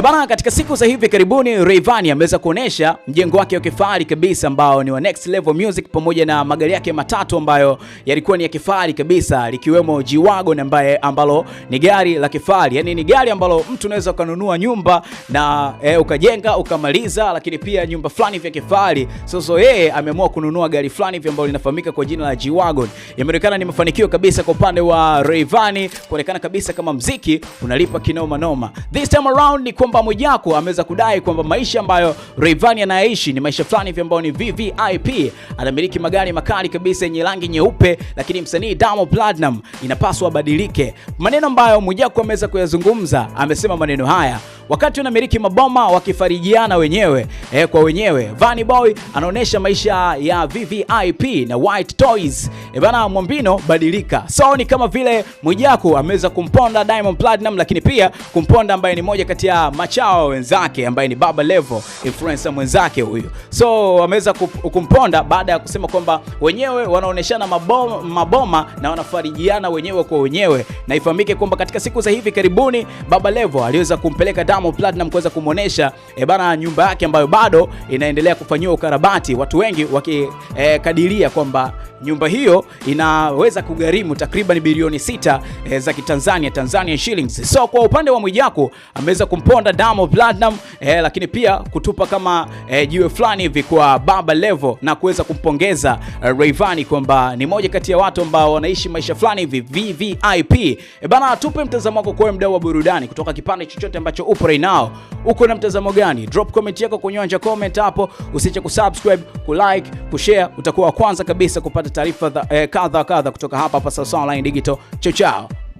Bana, katika siku za hivi karibuni Rayvanny ameweza kuonesha mjengo wake wa kifahari kabisa ambao ni wa Next Level Music pamoja na magari yake matatu ambayo yalikuwa ni ya kifahari kabisa likiwemo G-Wagon ambaye ambalo ni gari la kifahari. Yaani ni gari ambalo mtu unaweza ukanunua nyumba na e, ukajenga ukamaliza, lakini pia nyumba fulani vya kifahari. Sasa yeye ameamua kununua gari fulani hivi ambalo linafahamika kwa jina la G-Wagon. Yameonekana ni mafanikio kabisa kwa upande wa Rayvanny kuonekana kabisa kama mziki unalipa kinoma noma. This time around ni kwamba Mwijaku ameweza kudai kwamba maisha ambayo Rayvanny anayaishi ni maisha fulani hivi ambayo ni VVIP, anamiliki magari makali kabisa yenye rangi nyeupe, lakini msanii Diamond Platnumz inapaswa abadilike. Maneno ambayo Mwijaku ameweza kuyazungumza, amesema maneno haya wakati wanamiliki maboma wakifarijiana wenyewe e, kwa wenyewe. Vanny Boy anaonesha maisha ya VVIP na White Toys. E bana, Mwambino badilika. So ni kama vile Mwijaku ameweza kumponda Diamond Platinum, lakini pia kumponda ambaye ni moja kati ya machao wenzake ambaye ni Baba level influencer mwenzake huyu. So wameweza kumponda baada ya kusema kwamba wenyewe wanaoneshana maboma, maboma na wanafarijiana wenyewe kwa wenyewe, na ifahamike kwamba katika siku za hivi karibuni Baba level aliweza kumpeleka Diamond Diamond Platinum kuweza kumwonesha e, eh, bana nyumba yake ambayo bado inaendelea kufanyiwa ukarabati, watu wengi wakikadiria eh, e, kwamba nyumba hiyo inaweza kugharimu takriban bilioni sita e, za Kitanzania, Tanzania shillings. So kwa upande wa Mwijaku ameweza kumponda Diamond Platinum e, lakini pia kutupa kama e, jiwe fulani hivi kwa Baba Levo na kuweza kumpongeza e, Rayvanny kwamba ni moja kati ya watu ambao wanaishi maisha fulani hivi VVIP. E, bana tupe mtazamo wako kwa mdau wa burudani kutoka kipande chochote ambacho upo hapo right now. Uko na mtazamo gani? Drop comment yako kwenye comment hapo. Usiache kusubscribe, kulike, kushare, utakuwa wa kwanza kabisa kupata taarifa eh, kadha kadha kutoka hapa hapa Sawasawa Online Digital. Chao chao.